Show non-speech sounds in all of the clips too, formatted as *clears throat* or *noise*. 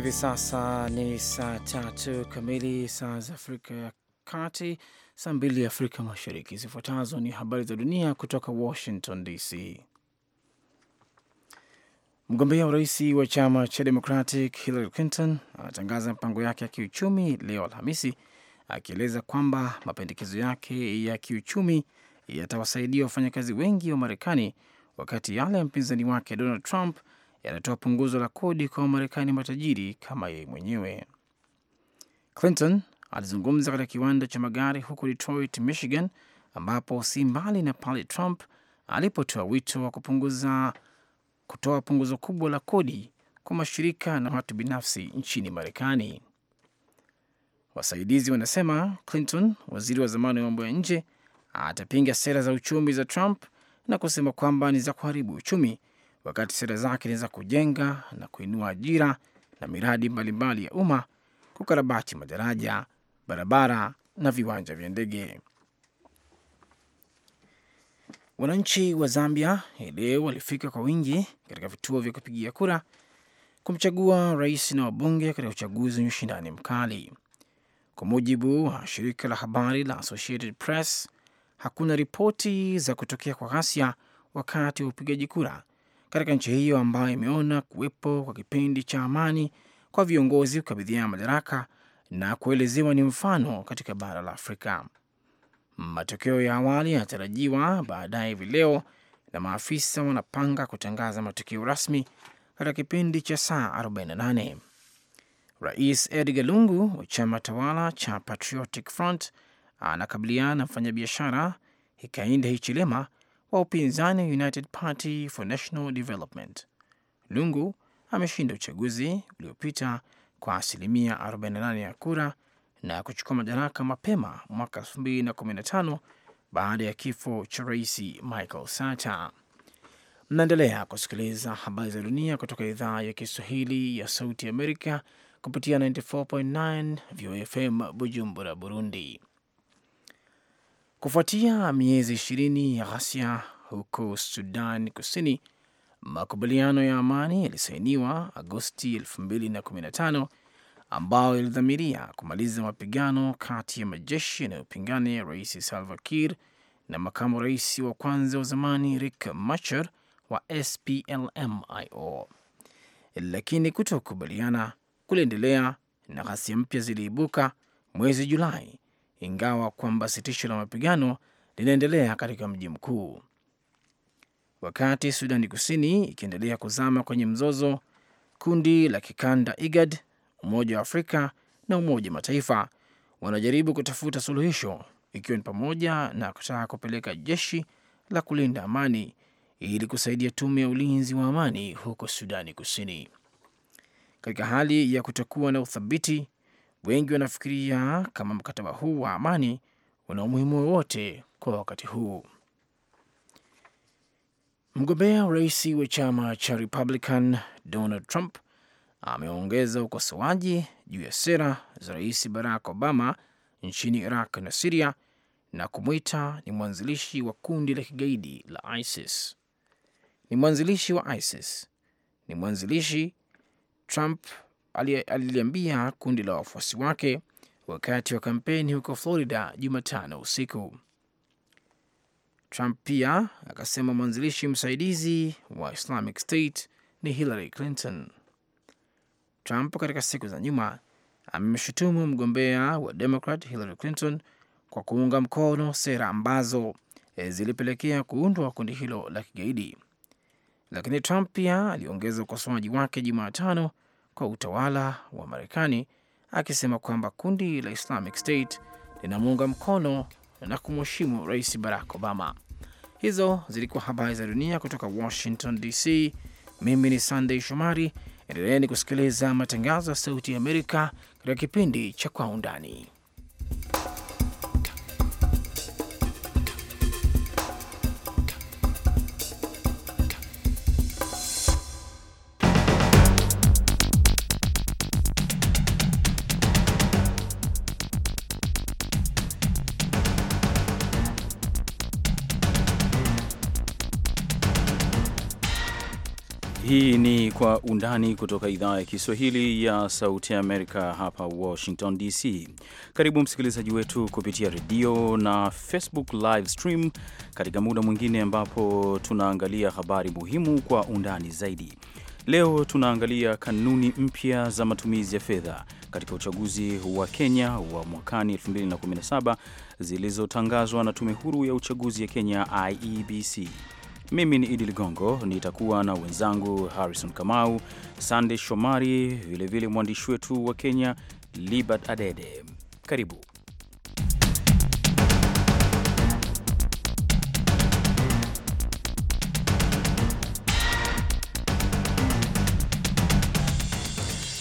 Hivi sasa ni saa tatu kamili saa za Afrika ya Kati, saa mbili Afrika Mashariki. Zifuatazo ni habari za dunia kutoka Washington DC. Mgombea urais wa chama cha Democratic Hillary Clinton anatangaza mipango yake ya kiuchumi leo Alhamisi, akieleza kwamba mapendekezo yake ya kiuchumi yatawasaidia wafanyakazi wengi wa Marekani, wakati yale ya mpinzani wake Donald Trump yanatoa punguzo la kodi kwa Wamarekani matajiri kama yeye mwenyewe. Clinton alizungumza katika kiwanda cha magari huko Detroit, Michigan, ambapo si mbali na pale Trump alipotoa wito wa kupunguza kutoa punguzo kubwa la kodi kwa mashirika na watu binafsi nchini Marekani. Wasaidizi wanasema Clinton, waziri wa zamani wa mambo ya nje, atapinga sera za uchumi za Trump na kusema kwamba ni za kuharibu uchumi wakati sera zake ni za kujenga na kuinua ajira na miradi mbalimbali ya umma, kukarabati madaraja, barabara na viwanja vya ndege. Wananchi wa Zambia hii leo walifika kwa wingi katika vituo vya kupigia kura kumchagua rais na wabunge katika uchaguzi wenye ushindani mkali. Kwa mujibu wa shirika la habari la Associated Press, hakuna ripoti za kutokea kwa ghasia wakati wa upigaji kura katika nchi hiyo ambayo imeona kuwepo kwa kipindi cha amani kwa viongozi kukabidhiana madaraka na kuelezewa ni mfano katika bara la Afrika. Matokeo ya awali yanatarajiwa baadaye hivi leo na maafisa wanapanga kutangaza matokeo rasmi katika kipindi cha saa 48. Rais Edgar Lungu wa chama tawala cha Patriotic Front anakabiliana na mfanyabiashara Hakainde Hichilema wa upinzani United Party for National Development. Lungu ameshinda uchaguzi uliopita kwa asilimia 48 ya kura na kuchukua madaraka mapema mwaka 2015 baada ya kifo cha rais Michael Sata. Mnaendelea kusikiliza habari za dunia kutoka idhaa ya Kiswahili ya Sauti Amerika kupitia 94.9 VOFM Bujumbura, Burundi. Kufuatia miezi ishirini ya ghasia huko Sudan Kusini, makubaliano ya amani yalisainiwa Agosti 2015 ambayo yalidhamiria kumaliza mapigano kati ya majeshi yanayopingana ya Rais Salva Kiir na makamu rais wa kwanza wa zamani rick Machar wa SPLMIO, lakini kutokubaliana kuliendelea na ghasia mpya ziliibuka mwezi Julai ingawa kwamba sitisho la mapigano linaendelea katika mji mkuu. Wakati Sudani Kusini ikiendelea kuzama kwenye mzozo, kundi la kikanda IGAD, Umoja wa Afrika na Umoja wa Mataifa wanajaribu kutafuta suluhisho, ikiwa ni pamoja na kutaka kupeleka jeshi la kulinda amani ili kusaidia tume ya ulinzi wa amani huko Sudani Kusini. Katika hali ya kutokuwa na uthabiti Wengi wanafikiria kama mkataba huu wa amani una umuhimu wowote kwa wakati huu. Mgombea urais wa chama cha Republican Donald Trump ameongeza ukosoaji juu ya sera za Rais Barack Obama nchini Iraq na Siria na kumwita ni mwanzilishi wa kundi la kigaidi la ISIS. Ni mwanzilishi wa ISIS, ni mwanzilishi Trump aliliambia kundi la wafuasi wake wakati wa kampeni huko Florida Jumatano usiku. Trump pia akasema mwanzilishi msaidizi wa Islamic State ni Hillary Clinton. Trump katika siku za nyuma amemshutumu mgombea wa Democrat Hillary Clinton kwa kuunga mkono sera ambazo eh, zilipelekea kuundwa kundi hilo la kigaidi. Lakini Trump pia aliongeza ukosoaji wake Jumatano kwa utawala wa Marekani akisema kwamba kundi la Islamic State linamuunga mkono na kumheshimu Rais Barack Obama. Hizo zilikuwa habari za dunia kutoka Washington DC. Mimi ni Sandey Shomari. Endeleeni kusikiliza matangazo ya Sauti ya Amerika katika kipindi cha Kwa Undani. Undani kutoka idhaa ya Kiswahili ya Sauti ya Amerika, hapa Washington DC. Karibu msikilizaji wetu kupitia redio na Facebook live stream katika muda mwingine ambapo tunaangalia habari muhimu kwa undani zaidi. Leo tunaangalia kanuni mpya za matumizi ya fedha katika uchaguzi wa Kenya wa mwakani 2017 zilizotangazwa na Tume Huru ya Uchaguzi ya Kenya, IEBC. Mimi ni Idi Ligongo, nitakuwa na wenzangu Harrison Kamau, Sande Shomari, vilevile mwandishi wetu wa Kenya Libert Adede. Karibu.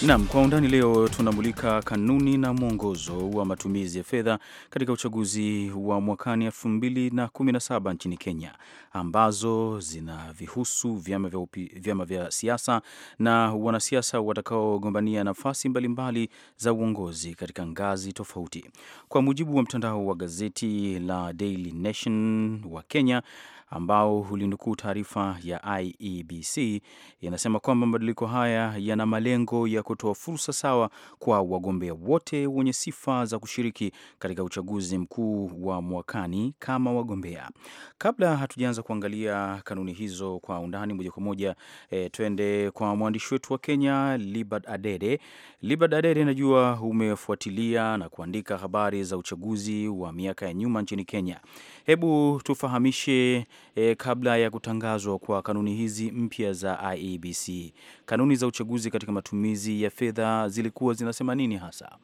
Naam, kwa undani leo tunamulika kanuni na mwongozo wa matumizi ya fedha katika uchaguzi wa mwakani 2017 nchini Kenya, ambazo zinavihusu vyama vya, vyama vya siasa na wanasiasa watakaogombania nafasi mbalimbali mbali za uongozi katika ngazi tofauti. Kwa mujibu wa mtandao wa gazeti la Daily Nation wa Kenya ambao ulinukuu taarifa ya IEBC inasema kwamba mabadiliko haya yana malengo ya kutoa fursa sawa kwa wagombea wote wenye sifa za kushiriki katika uchaguzi mkuu wa mwakani kama wagombea. Kabla hatujaanza kuangalia kanuni hizo kwa undani moja kwa moja, e, twende kwa mwandishi wetu wa Kenya Libert Adede. Libert Adede, najua umefuatilia na kuandika habari za uchaguzi wa miaka ya nyuma nchini Kenya. Hebu tufahamishe e, kabla ya kutangazwa kwa kanuni hizi mpya za IEBC. Kanuni za uchaguzi katika matumizi ya fedha zilikuwa zinasema nini hasa?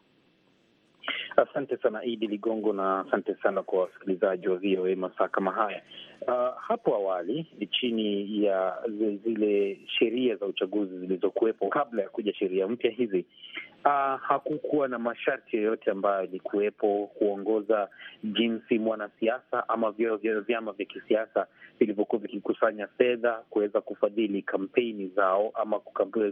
Asante sana Idi Ligongo na asante sana kwa wasikilizaji wa VOA masaa kama haya. Uh, hapo awali chini ya zile sheria za uchaguzi zilizokuwepo kabla ya kuja sheria mpya hizi, Uh, hakukuwa na masharti yoyote ambayo ilikuwepo kuongoza jinsi mwanasiasa ama vyama vya, vya kisiasa vilivyokuwa vikikusanya fedha kuweza kufadhili kampeni zao ama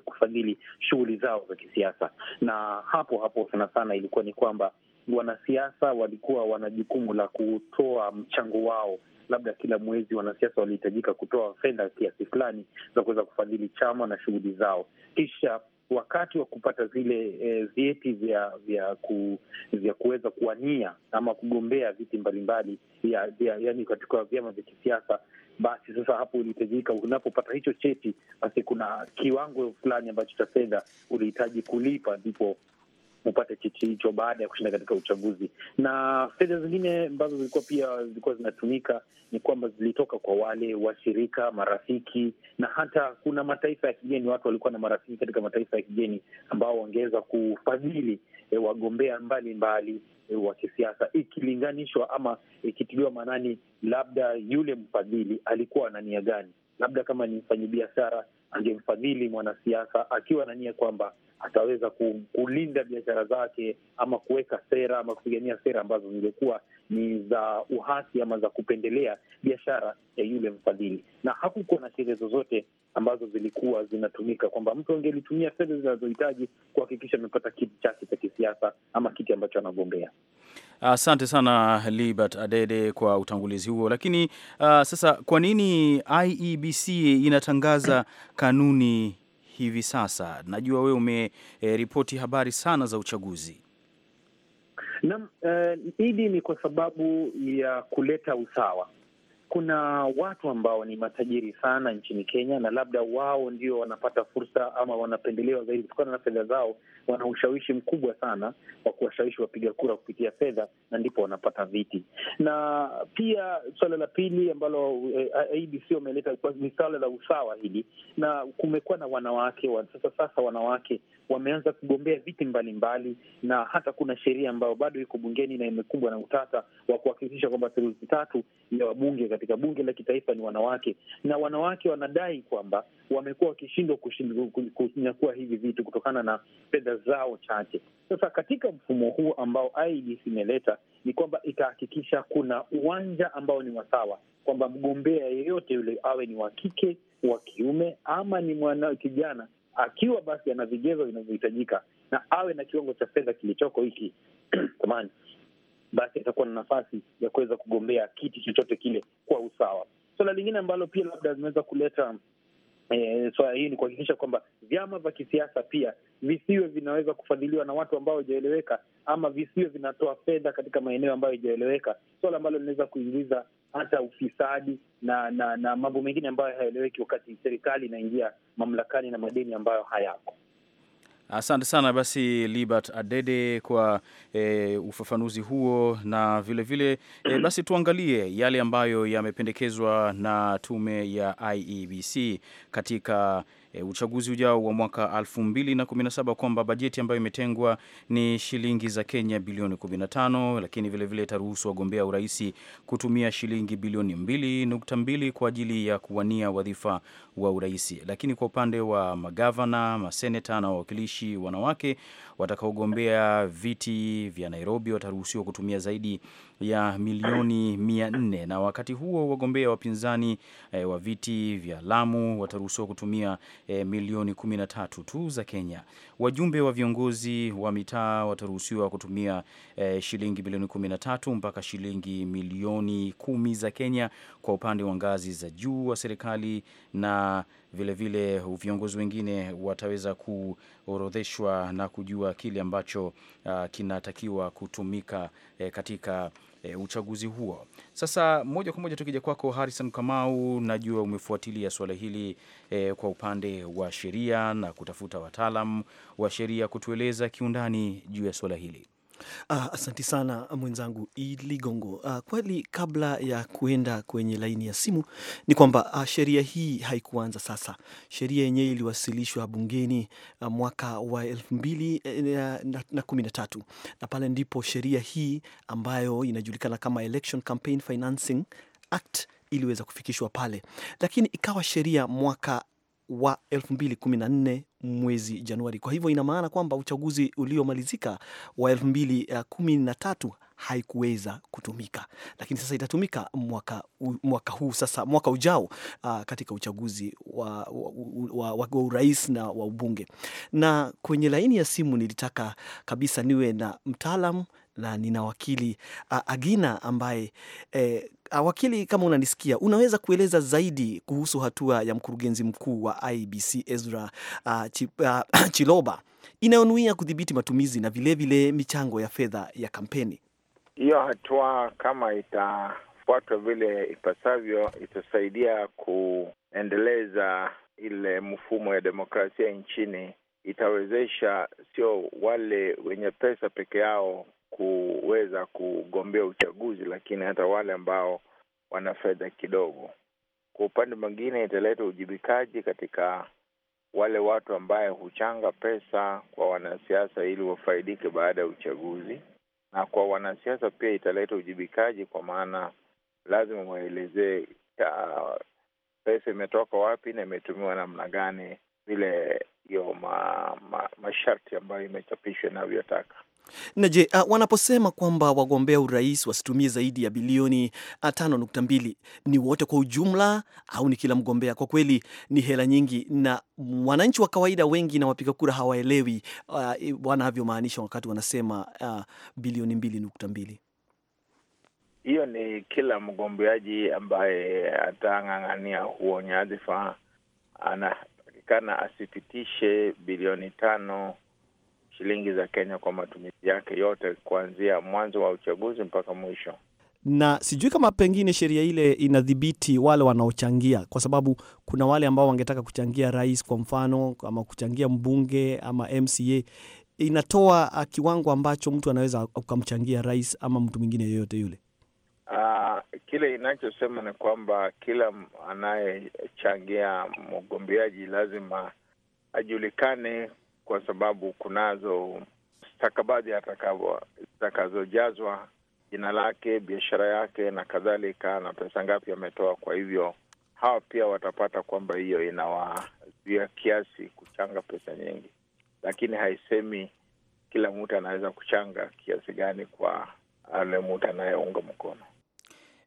kufadhili shughuli zao za kisiasa. Na hapo hapo sana sana ilikuwa ni kwamba wanasiasa walikuwa wana jukumu la kutoa mchango wao labda kila mwezi wanasiasa walihitajika kutoa fedha kiasi fulani za kuweza kufadhili chama na shughuli zao. Kisha wakati wa kupata zile e, vyeti vya vya ku, vya kuweza kuwania ama kugombea viti mbalimbali ya, ya, yani katika vyama vya kisiasa, basi sasa hapo ulihitajika, unapopata hicho cheti, basi kuna kiwango fulani ambacho cha fedha ulihitaji kulipa, ndipo upate cheti hicho baada ya kushinda katika uchaguzi. Na fedha zingine ambazo zilikuwa pia zilikuwa zinatumika ni kwamba zilitoka kwa wale washirika, marafiki, na hata kuna mataifa ya kigeni. Watu walikuwa na marafiki katika mataifa ya kigeni ambao wangeweza kufadhili e, wagombea mbalimbali e, wa kisiasa, ikilinganishwa ama ikitiliwa maanani, labda yule mfadhili alikuwa na nia gani, labda kama ni mfanyabiashara angemfadhili mwanasiasa akiwa na nia kwamba ataweza kulinda biashara zake ama kuweka sera ama kupigania sera ambazo zingekuwa ni za uhasi ama za kupendelea biashara ya yule mfadhili. Na hakukuwa na sheria zozote ambazo zilikuwa zinatumika kwamba mtu angelitumia fedha zinazohitaji kuhakikisha amepata kiti chake cha kisiasa ama kiti ambacho anagombea. Asante sana Libert Adede kwa utangulizi huo. Lakini uh, sasa kwa nini IEBC inatangaza kanuni hivi sasa? Najua wewe umeripoti e, habari sana za uchaguzi. Naam, uh, eh, hili ni kwa sababu ya kuleta usawa kuna watu ambao ni matajiri sana nchini Kenya na labda wao ndio wanapata fursa ama wanapendelewa zaidi kutokana na fedha zao. Wana ushawishi mkubwa sana wa kuwashawishi wapiga kura kupitia fedha, na ndipo wanapata viti. Na pia suala la pili ambalo e, eh, ABC wameleta ni suala la usawa hili, na kumekuwa na wanawake wa sasa sasa wanawake wameanza kugombea viti mbalimbali mbali, na hata kuna sheria ambayo bado iko bungeni na imekumbwa na utata wa kuhakikisha kwamba theluthi tatu ya wabunge katika bunge la kitaifa ni wanawake, na wanawake wanadai kwamba wamekuwa wakishindwa kunyakua hivi vitu kutokana na fedha zao chache. Sasa katika mfumo huu ambao IEBC imeleta ni kwamba itahakikisha kuna uwanja ambao ni wasawa, kwamba mgombea yeyote yule awe ni wa kike, wa kiume ama ni mwana kijana akiwa basi ana vigezo vinavyohitajika na awe na kiwango cha fedha kilichoko hiki samani *clears throat* basi atakuwa na nafasi ya kuweza kugombea kiti chochote kile kwa usawa. Suala so, lingine ambalo pia labda zimeweza kuleta e, swala hii ni kuhakikisha kwamba vyama vya kisiasa pia visiwe vinaweza kufadhiliwa na watu ambao haijaeleweka, ama visiwe vinatoa fedha katika maeneo ambayo haijaeleweka, suala so, ambalo linaweza kuingiza hata ufisadi na na, na mambo mengine ambayo hayaeleweki wakati serikali inaingia mamlakani na madeni ambayo hayako. Asante sana basi Libert Adede kwa e, ufafanuzi huo na vilevile vile, e, basi tuangalie yale ambayo yamependekezwa na tume ya IEBC katika e, uchaguzi ujao wa mwaka 2017 kwamba bajeti ambayo imetengwa ni shilingi za Kenya bilioni 15, lakini vilevile itaruhusu wagombea urais kutumia shilingi bilioni 2.2 kwa ajili ya kuwania wadhifa wa urais. Lakini kwa upande wa magavana, maseneta na wawakilishi wanawake Watakaogombea viti vya Nairobi wataruhusiwa kutumia zaidi ya milioni mia nne na wakati huo wagombea wapinzani e, wa viti vya Lamu wataruhusiwa kutumia e, milioni kumi na tatu tu za Kenya. Wajumbe wa viongozi wa mitaa wataruhusiwa kutumia e, shilingi milioni kumi na tatu mpaka shilingi milioni kumi za Kenya kwa upande wa ngazi za juu wa serikali na vilevile viongozi wengine wataweza kuorodheshwa na kujua kile ambacho uh, kinatakiwa kutumika eh, katika E, uchaguzi huo. Sasa moja kwa moja tukija kwako Harrison Kamau, najua umefuatilia suala hili e, kwa upande wa sheria na kutafuta wataalam wa sheria kutueleza kiundani juu ya suala hili. Ah, asanti sana mwenzangu Iligongo. Ah, kweli kabla ya kuenda kwenye laini ya simu ni kwamba ah, sheria hii haikuanza sasa. Sheria yenyewe iliwasilishwa bungeni ah, mwaka wa elfu mbili eh, na, na kumi na tatu na pale ndipo sheria hii ambayo inajulikana kama Election Campaign Financing Act iliweza kufikishwa pale, lakini ikawa sheria mwaka wa 2014 mwezi Januari. Kwa hivyo ina maana kwamba uchaguzi uliomalizika wa 2013 haikuweza kutumika, lakini sasa itatumika mwaka, mwaka huu sasa, mwaka ujao uh, katika uchaguzi wa, wa, wa, wa, wa urais na wa ubunge. Na kwenye laini ya simu nilitaka kabisa niwe na mtaalamu na nina wakili Agina ambaye eh, wakili, kama unanisikia, unaweza kueleza zaidi kuhusu hatua ya mkurugenzi mkuu wa IBC Ezra uh, chip, uh, Chiloba inayonuia kudhibiti matumizi na vilevile vile michango ya fedha ya kampeni. Hiyo hatua kama itafuatwa vile ipasavyo, itasaidia kuendeleza ile mfumo ya demokrasia nchini itawezesha sio wale wenye pesa peke yao kuweza kugombea uchaguzi, lakini hata wale ambao wana fedha kidogo. Kwa upande mwingine, italeta ujibikaji katika wale watu ambaye huchanga pesa kwa wanasiasa ili wafaidike baada ya uchaguzi, na kwa wanasiasa pia italeta ujibikaji, kwa maana lazima waelezee pesa imetoka wapi na imetumiwa namna gani, vile hiyo masharti ma, ambayo imechapishwa inavyotaka. Na je, uh, wanaposema kwamba wagombea urais wasitumie zaidi ya bilioni ah, nukta mbili ni wote kwa ujumla au ni kila mgombea? Kwa kweli ni hela nyingi, na wananchi wa kawaida wengi na wapiga kura hawaelewi uh, wanavyomaanisha wakati wanasema uh, bilioni mbili Hiyo ni kila mgombeaji ambaye atang'ang'ania huo nyadhifa anatakikana asipitishe bilioni tano shilingi za Kenya kwa matumizi yake yote kuanzia mwanzo wa uchaguzi mpaka mwisho. Na sijui kama pengine sheria ile inadhibiti wale wanaochangia, kwa sababu kuna wale ambao wangetaka kuchangia rais kwa mfano, ama kuchangia mbunge ama MCA. Inatoa ah, kiwango ambacho mtu anaweza ukamchangia rais ama mtu mwingine yoyote yule. Uh, kile inachosema ni kwamba kila anayechangia mgombeaji lazima ajulikane kwa sababu kunazo stakabadhi zitakazojazwa jina lake, biashara yake na kadhalika, na pesa ngapi ametoa. Kwa hivyo hawa pia watapata kwamba hiyo inawazuia kiasi kuchanga pesa nyingi, lakini haisemi kila mtu anaweza kuchanga kiasi gani kwa ale mtu anayeunga mkono.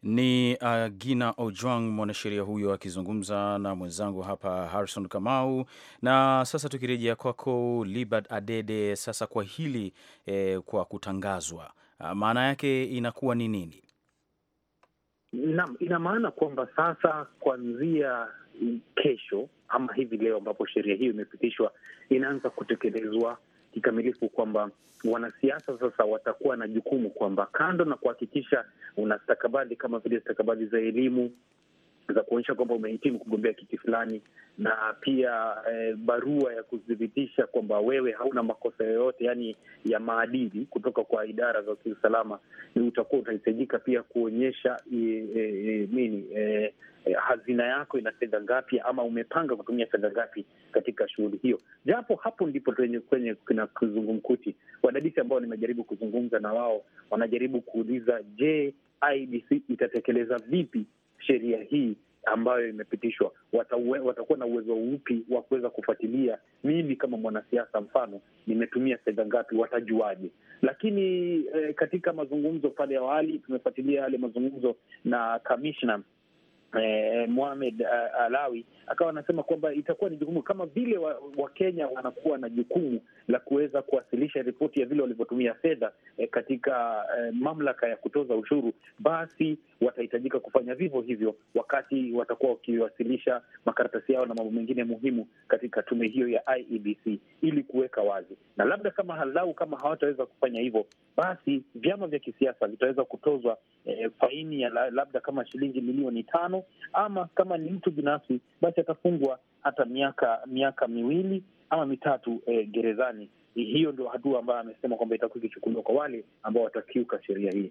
Ni uh, Gina Ojuang, mwanasheria huyo akizungumza na mwenzangu hapa Harrison Kamau. Na sasa tukirejea kwako Libert Adede, sasa kwa hili eh, kwa kutangazwa uh, maana yake inakuwa ni nini? Naam, ina maana kwamba sasa kuanzia kesho ama hivi leo ambapo sheria hiyo imepitishwa inaanza kutekelezwa kikamilifu kwamba wanasiasa sasa watakuwa na jukumu kwamba kando na kuhakikisha una stakabadhi kama vile stakabadhi za elimu, za kuonyesha kwamba umehitimu kugombea kiti fulani, na pia e, barua ya kuthibitisha kwamba wewe hauna makosa yoyote, yaani ya maadili kutoka kwa idara za kiusalama. Utakuwa utahitajika pia kuonyesha e, e, nini e, hazina yako ina fedha ngapi, ama umepanga kutumia fedha ngapi katika shughuli hiyo. Japo hapo ndipo kwenye kuna kizungumkuti. Wadadisi ambao nimejaribu kuzungumza na wao wanajaribu kuuliza, je, IBC itatekeleza vipi sheria hii ambayo imepitishwa, watawe, watakuwa na uwezo upi wa kuweza kufuatilia? Mimi kama mwanasiasa mfano, nimetumia fedha ngapi, watajuaje? Lakini eh, katika mazungumzo pale awali tumefuatilia yale mazungumzo na kamishna eh, Mohamed eh, Alawi akawa anasema kwamba itakuwa ni jukumu kama vile Wakenya wa wanakuwa na jukumu la kuweza kuwasilisha ripoti ya vile walivyotumia fedha eh, katika eh, mamlaka ya kutoza ushuru, basi watahitajika kufanya vivyo hivyo wakati watakuwa wakiwasilisha makaratasi yao na mambo mengine muhimu katika tume hiyo ya IEBC ili kuweka wazi, na labda kama halau kama hawataweza kufanya hivyo, basi vyama vya kisiasa vitaweza kutozwa eh, faini ya labda kama shilingi milioni tano ama kama ni mtu binafsi basi basi atafungwa hata miaka miaka miwili ama mitatu e, gerezani. Hiyo ndio hatua ambayo amesema kwamba itakuwa ikichukuliwa kwa wale ambao watakiuka sheria hii.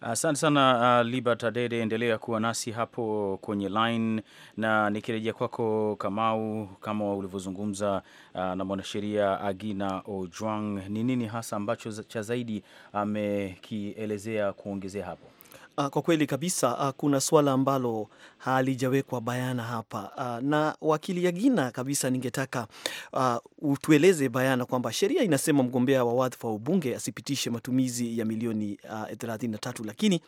Asante sana uh, Libert Adede, endelea kuwa nasi hapo kwenye line, na nikirejea kwako Kamau, kama ulivyozungumza uh, na mwanasheria Agina ojuang ni nini hasa ambacho cha zaidi amekielezea kuongezea hapo? Ah, kwa kweli kabisa ah, kuna swala ambalo halijawekwa bayana hapa, ah, na wakili Yagina kabisa, ningetaka uh, utueleze bayana kwamba sheria inasema mgombea wa wadhifa wa ubunge asipitishe matumizi ya milioni uh, 33, lakini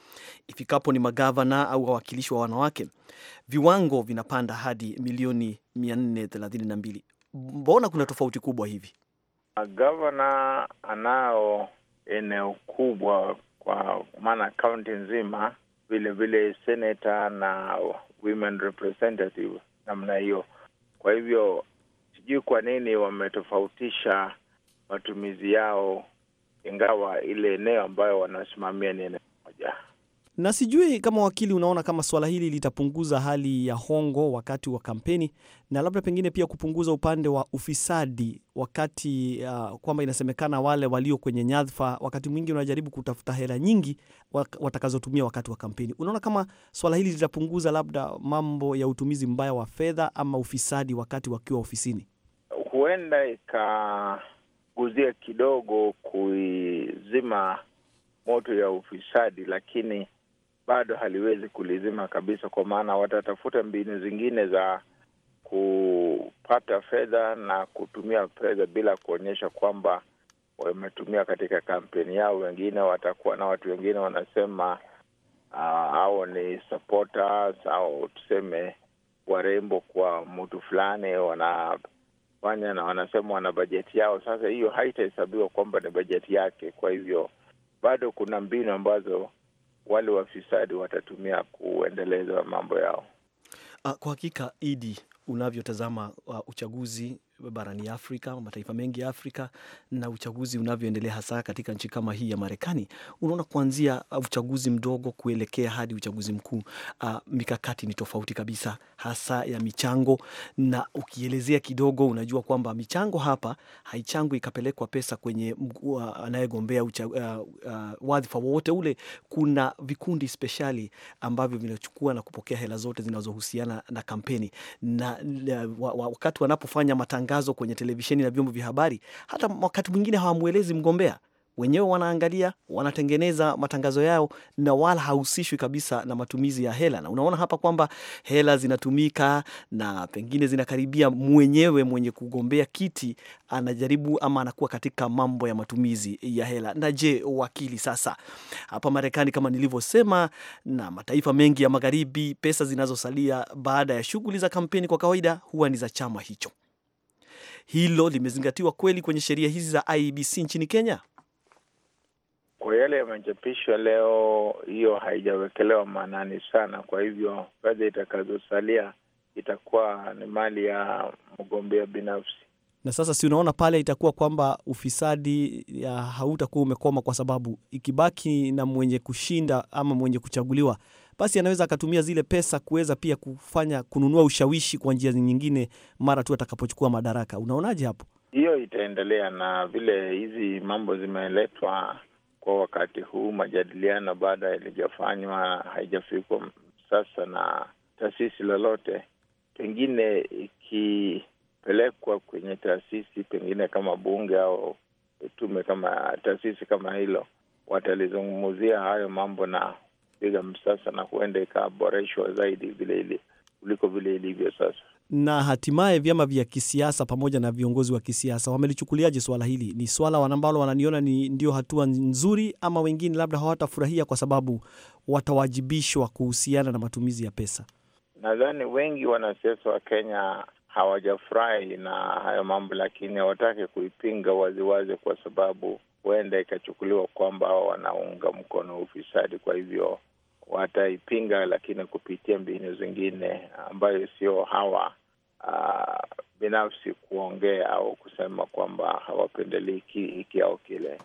ifikapo ni magavana au wawakilishi wa wanawake viwango vinapanda hadi milioni 432. Mbona kuna tofauti kubwa hivi? Gavana anao eneo kubwa kwa maana kaunti nzima, vile vile senata na women representative namna hiyo. Kwa hivyo sijui kwa nini wametofautisha matumizi yao, ingawa ile eneo ambayo wanasimamia ni eneo moja. Na sijui kama wakili, unaona kama swala hili litapunguza hali ya hongo wakati wa kampeni na labda pengine pia kupunguza upande wa ufisadi wakati uh, kwamba inasemekana wale walio kwenye nyadhfa wakati mwingi unajaribu kutafuta hela nyingi watakazotumia wakati wa kampeni. Unaona kama swala hili litapunguza labda mambo ya utumizi mbaya wa fedha ama ufisadi wakati wakiwa ofisini? Huenda ikaguzia kidogo kuizima moto ya ufisadi, lakini bado haliwezi kulizima kabisa, kwa maana watatafuta mbinu zingine za kupata fedha na kutumia fedha bila kuonyesha kwamba wametumia katika kampeni yao. Wengine watakuwa na watu wengine wanasema uh, ah, au ni supporters au tuseme warembo kwa mtu fulani, wanafanya na wanasema wana bajeti yao. Sasa hiyo haitahesabiwa kwamba ni bajeti yake, kwa hivyo bado kuna mbinu ambazo wale wafisadi watatumia kuendeleza mambo yao. Ah, kwa hakika, Idi, unavyotazama ah, uchaguzi barani Afrika, mataifa mengi ya Afrika, na uchaguzi unavyoendelea hasa katika nchi kama hii ya Marekani, unaona kuanzia uh, uchaguzi mdogo kuelekea hadi uchaguzi mkuu, uh, mikakati ni tofauti kabisa, hasa ya michango. Na ukielezea kidogo, unajua kwamba michango hapa haichangwi ikapelekwa pesa kwenye uh, anayegombea uh, uh, wadhifa wowote ule. Kuna vikundi speciali ambavyo vinachukua na kupokea hela zote zinazohusiana na kampeni na, uh, wakati wanapofanya matang matangazo kwenye televisheni na vyombo vya habari, hata wakati mwingine hawamwelezi mgombea wenyewe wanaangalia, wanatengeneza matangazo yao na wala hahusishwi kabisa na matumizi ya hela. Na unaona hapa kwamba hela zinatumika na pengine zinakaribia, mwenyewe mwenye kugombea kiti anajaribu ama anakuwa katika mambo ya matumizi ya hela. Na je, wakili, sasa hapa Marekani kama nilivyosema, na mataifa mengi ya magharibi, pesa zinazosalia baada ya shughuli za kampeni kwa kawaida huwa ni za chama hicho hilo limezingatiwa kweli kwenye sheria hizi za ibc nchini Kenya? Kwa yale yamechapishwa leo, hiyo haijawekelewa maanani sana. Kwa hivyo fedha itakazosalia itakuwa ni mali ya mgombea binafsi. Na sasa, si unaona pale itakuwa kwamba ufisadi hautakuwa umekoma, kwa sababu ikibaki na mwenye kushinda ama mwenye kuchaguliwa basi anaweza akatumia zile pesa kuweza pia kufanya kununua ushawishi kwa njia nyingine mara tu atakapochukua madaraka. Unaonaje hapo? Hiyo itaendelea na vile hizi mambo zimeletwa kwa wakati huu, majadiliano baada yalijafanywa, haijafikwa sasa na taasisi lolote, pengine ikipelekwa kwenye taasisi pengine kama bunge au tume kama taasisi kama hilo, watalizungumzia hayo mambo na Birmingham msasa na huenda ikaboreshwa zaidi vile ili, kuliko vile ilivyo sasa. Na hatimaye vyama vya kisiasa pamoja na viongozi wa kisiasa wamelichukuliaje swala hili? Ni swala ambalo wananiona ni ndio hatua nzuri, ama wengine labda hawatafurahia kwa sababu watawajibishwa kuhusiana na matumizi ya pesa? Nadhani wengi wanasiasa wa Kenya hawajafurahi na hayo mambo, lakini hawataki kuipinga waziwazi kwa sababu huenda ikachukuliwa kwamba wanaunga mkono ufisadi. Kwa hivyo wataipinga, lakini kupitia mbinu zingine ambayo sio hawa uh, binafsi kuongea au kusema kwamba hawapendelei hiki au kile.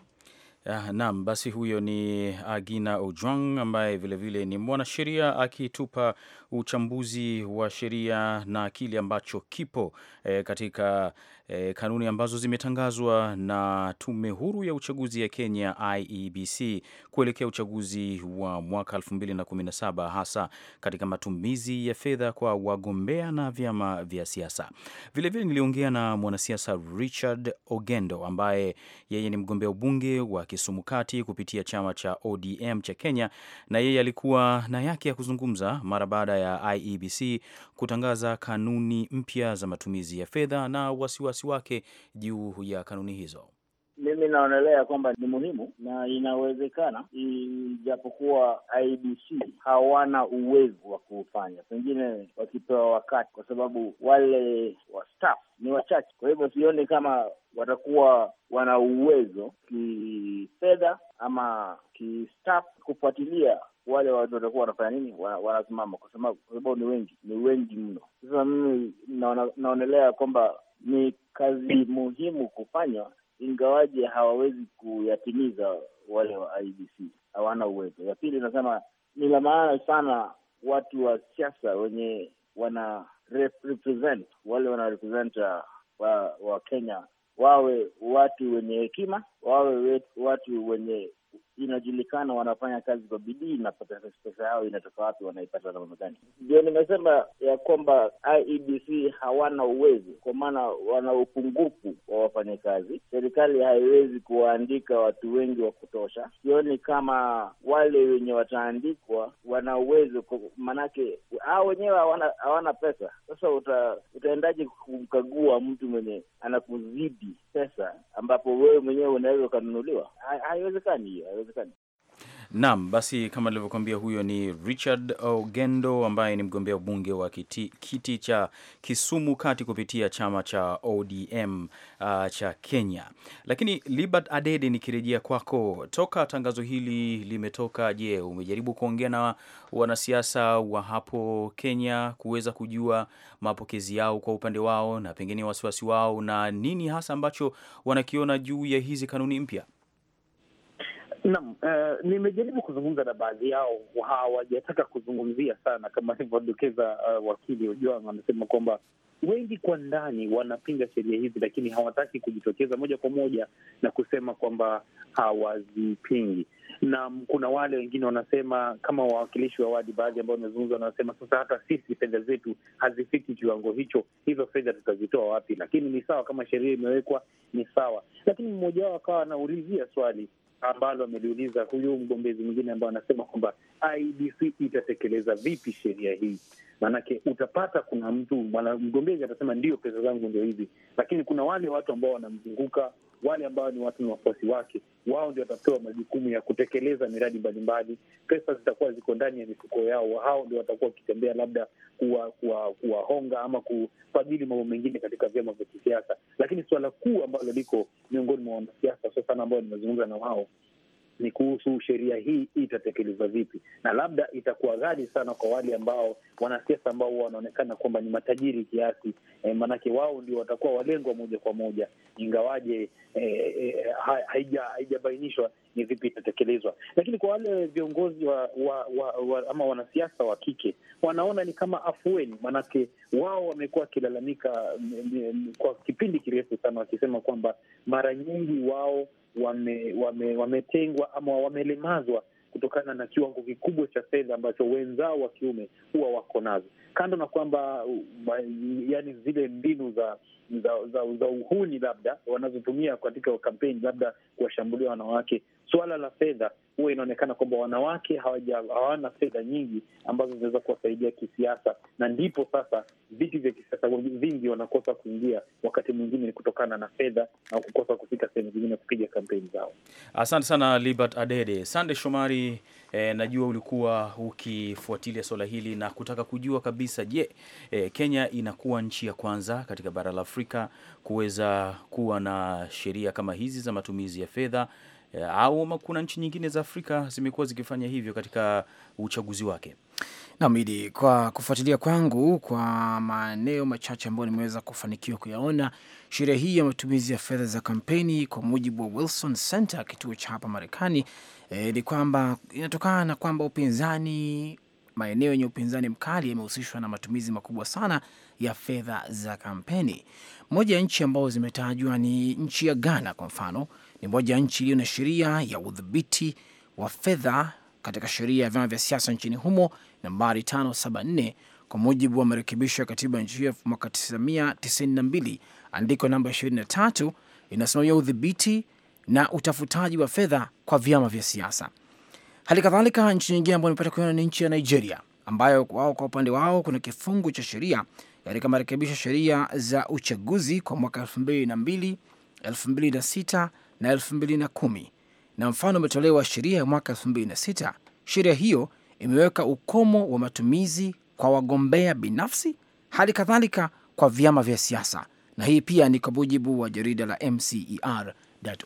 Ah, naam, basi huyo ni Agina ah, Ojwang ambaye vilevile vile ni mwanasheria akitupa uchambuzi wa sheria na kile ambacho kipo e, katika e, kanuni ambazo zimetangazwa na Tume Huru ya Uchaguzi ya Kenya IEBC kuelekea uchaguzi wa mwaka 2017 hasa katika matumizi ya fedha kwa wagombea na vyama vya siasa. Vilevile niliongea na mwanasiasa Richard Ogendo ambaye yeye ni mgombea ubunge wa Kisumukati kupitia chama cha ODM cha Kenya, na yeye alikuwa na yake ya kuzungumza mara baada ya IEBC kutangaza kanuni mpya za matumizi ya fedha na wasiwasi wake juu ya kanuni hizo. Mimi naonelea kwamba ni muhimu na inawezekana, ijapokuwa IBC hawana uwezo wa kuufanya, pengine wakipewa wakati, kwa sababu wale wa staff ni wachache. Kwa hivyo sioni kama watakuwa wana uwezo kifedha ama kistaff kufuatilia wale watu watakuwa wanafanya nini, wanasimama, kwa sababu kwa sababu ni wengi, ni wengi mno. Sasa mimi naona, naonelea kwamba ni kazi muhimu kufanywa ingawaje hawawezi kuyatimiza wale wa IBC, hawana uwezo. Ya pili inasema ni la maana sana watu wa siasa wenye wana represent wale wana represent uh, wa, wa Kenya wawe watu wenye hekima, wawe watu wenye inajulikana, wanafanya kazi kwa bidii, na pesa yao inatoka wapi, wanaipata namna gani? Ndio nimesema ya kwamba IEBC hawana uwezo, kwa maana wana upungufu wa wafanyakazi. Serikali haiwezi kuwaandika watu wengi wa kutosha. Sioni kama wale wenye wataandikwa wana uwezo, maanake hao wenyewe hawana hawana pesa. Sasa uta, utaendaje kumkagua mtu mwenye anakuzidi pesa ambapo wewe mwenyewe unaweza ukanunuliwa? Haiwezekani hiyo haiwezekani. Naam, basi kama nilivyokuambia, huyo ni Richard Ogendo ambaye ni mgombea ubunge wa kiti, kiti cha Kisumu Kati kupitia chama cha ODM uh, cha Kenya. Lakini Libert Adede, nikirejea kwako, toka tangazo hili limetoka, je, umejaribu kuongea na wanasiasa wa hapo Kenya kuweza kujua mapokezi yao kwa upande wao na pengine wasiwasi wao na nini hasa ambacho wanakiona juu ya hizi kanuni mpya? Naam, uh, nimejaribu kuzungumza na baadhi yao, hawajataka kuzungumzia sana, kama alivyodokeza uh, wakili Ojwang. wanasema kwamba wengi kwa ndani wanapinga sheria hizi, lakini hawataki kujitokeza moja kwa moja na kusema kwamba hawazipingi, na kuna wale wengine wanasema kama wawakilishi wa wadi, baadhi ambao wamezungumza, wanasema sasa, hata sisi fedha zetu hazifiki kiwango hicho, hizo fedha tutazitoa wapi? Lakini ni sawa, kama sheria imewekwa ni sawa. Lakini mmoja wao akawa anaulizia swali ambalo ameliuliza huyu mgombezi mwingine ambao anasema kwamba IBC itatekeleza vipi sheria hii. Maanake utapata kuna mtu mgombezi atasema ndio, pesa zangu ndio hizi, lakini kuna wale watu ambao wanamzunguka wale ambao ni watu ni wafuasi wake, wao ndio watapewa majukumu ya kutekeleza miradi mbalimbali. Pesa zitakuwa ziko ndani ya mifuko yao, hao ndio watakuwa wakitembea labda kuwahonga kuwa, kuwa ama kufadhili mambo mengine katika vyama vya kisiasa. Lakini suala kuu ambalo liko miongoni mwa wanasiasa, sasa sana ambayo nimezungumza na wao ni kuhusu sheria hii itatekelezwa vipi, na labda itakuwa ghali sana kwa wale ambao wanasiasa ambao wanaonekana kwamba ni matajiri kiasi e, eh, maanake wao ndio watakuwa walengwa moja kwa moja, ingawaje e, e, haijabainishwa ni vipi itatekelezwa. Lakini kwa wale viongozi wa, wa, wa, wa, ama wanasiasa wa kike wanaona ni kama afueni, maanake wao wamekuwa wakilalamika mm, mm, kwa kipindi kirefu sana wakisema kwamba mara nyingi wao wametengwa wame, wame ama wamelemazwa kutokana na kiwango kikubwa cha fedha ambacho wenzao wa kiume huwa wako nazo kando na kwamba uh, yani zile mbinu za za, za, za uhuni labda wanazotumia katika kampeni labda kuwashambulia wanawake, suala la fedha huwa inaonekana kwamba wanawake hawaja, hawana fedha nyingi ambazo zinaweza kuwasaidia kisiasa, na ndipo sasa viti vya kisiasa vingi wanakosa kuingia, wakati mwingine ni kutokana na fedha au kukosa kufika sehemu zingine kupiga kampeni zao. Asante sana Libert Adede, Sande Shomari e, najua ulikuwa ukifuatilia swala hili na kutaka kujua kabisa, je, e, Kenya inakuwa nchi ya kwanza katika bara la Afrika kuweza kuwa na sheria kama hizi za matumizi ya fedha Eh, au kuna nchi nyingine za Afrika zimekuwa zikifanya hivyo katika uchaguzi wake? Namidi, kwa kufuatilia kwangu kwa maeneo machache ambayo nimeweza kufanikiwa kuyaona, sheria hii ya matumizi ya fedha za kampeni kwa mujibu wa Wilson Center, kituo cha hapa Marekani, e, ni kwamba inatokana na kwamba upinzani, maeneo yenye upinzani mkali yamehusishwa na matumizi makubwa sana ya fedha za kampeni. Moja ya nchi ambazo zimetajwa ni nchi ya Ghana kwa mfano ni moja ya nchi iliyo na sheria ya udhibiti wa fedha katika sheria ya vyama vya siasa nchini humo nambari 574 kwa mujibu wa marekebisho ya katiba ya nchi hiyo mwaka 1992 andiko namba 23 inasimamia udhibiti na utafutaji wa fedha kwa vyama vya siasa. Hali kadhalika nchi nyingine ambayo imepata kuona ni nchi ya Nigeria, ambayo wao kwa upande wao kuna kifungu cha sheria katika marekebisho sheria za uchaguzi kwa mwaka elfu mbili na mbili elfu mbili na sita na 2010 na mfano umetolewa sheria ya mwaka elfu Sheria hiyo imeweka ukomo wa matumizi kwa wagombea binafsi, hali kadhalika kwa vyama vya siasa, na hii pia ni kwa mujibu wa jarida la mcer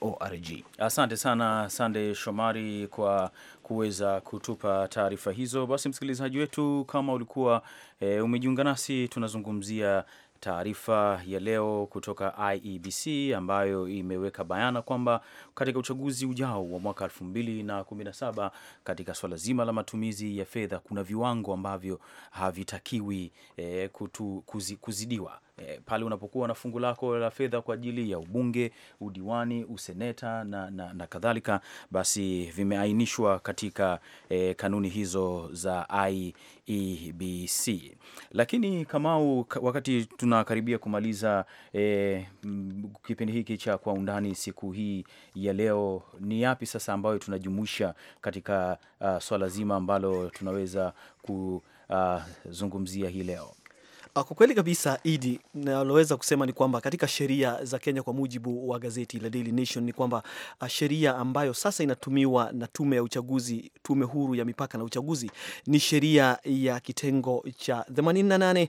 .org. Asante sana Sande Shomari kwa kuweza kutupa taarifa hizo. Basi msikilizaji wetu, kama ulikuwa e, umejiunga nasi, tunazungumzia taarifa ya leo kutoka IEBC ambayo imeweka bayana kwamba katika uchaguzi ujao wa mwaka 2017 katika swala zima la matumizi ya fedha kuna viwango ambavyo havitakiwi eh, kutu, kuzi, kuzidiwa e, pale unapokuwa na fungu lako la fedha kwa ajili ya ubunge, udiwani, useneta na, na, na kadhalika, basi vimeainishwa katika e, kanuni hizo za IEBC. Lakini Kamau, wakati tunakaribia kumaliza e, kipindi hiki cha Kwa Undani siku hii ya leo, ni yapi sasa ambayo tunajumuisha katika uh, swala zima ambalo tunaweza kuzungumzia ah, hii leo? Ah, kwa kweli kabisa, Idi, naloweza kusema ni kwamba katika sheria za Kenya, kwa mujibu wa gazeti la Daily Nation, ni kwamba ah, sheria ambayo sasa inatumiwa na tume ya uchaguzi, tume huru ya mipaka na uchaguzi, ni sheria ya kitengo cha 88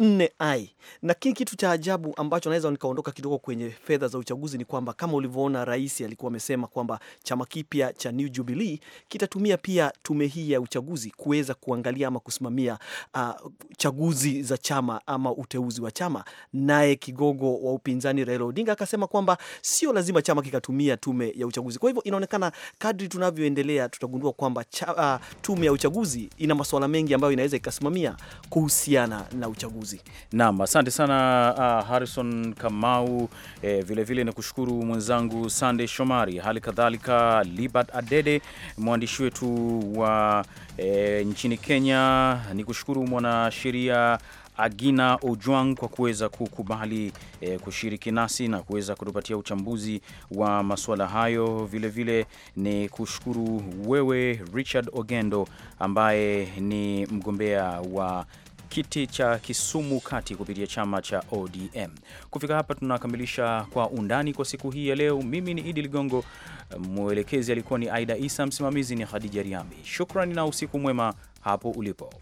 4i na kitu cha ajabu ambacho naweza nikaondoka kidogo kwenye fedha za uchaguzi ni kwamba kama ulivyoona, rais alikuwa amesema kwamba chama kipya cha New Jubilee kitatumia pia tume hii ya uchaguzi kuweza kuangalia ama kusimamia uh, chaguzi za chama ama uteuzi wa chama. Naye kigogo wa upinzani Raila Odinga akasema kwamba sio lazima chama kikatumia tume ya uchaguzi. Kwa hivyo inaonekana kadri tunavyoendelea tutagundua kwamba cha, uh, tume ya uchaguzi ina masuala mengi ambayo inaweza ikasimamia kuhusiana na uchaguzi uchaguzi. Naam, asante sana uh, Harrison Kamau, eh, ni kushukuru mwenzangu Sande Shomari, hali kadhalika Libert Adede, mwandishi wetu wa eh, nchini Kenya. ni kushukuru mwanasheria Agina Ojwang kwa kuweza kukubali e, kushiriki nasi na kuweza kutupatia uchambuzi wa masuala hayo. Vilevile vile, ni kushukuru wewe Richard Ogendo ambaye ni mgombea wa kiti cha Kisumu Kati kupitia chama cha ODM. Kufika hapa tunakamilisha kwa undani kwa siku hii ya leo. Mimi ni Idi Ligongo, mwelekezi alikuwa ni Aida Isa, msimamizi ni Khadija Riami. Shukrani na usiku mwema hapo ulipo.